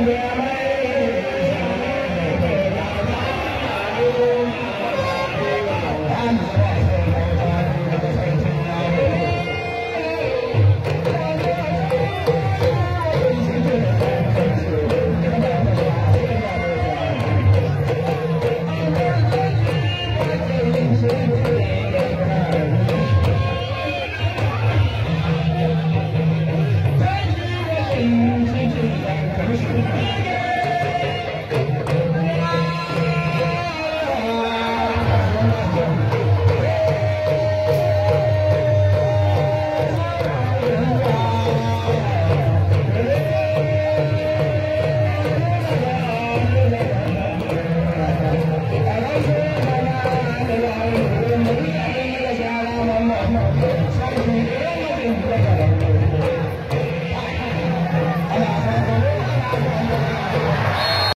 I'm Thank you.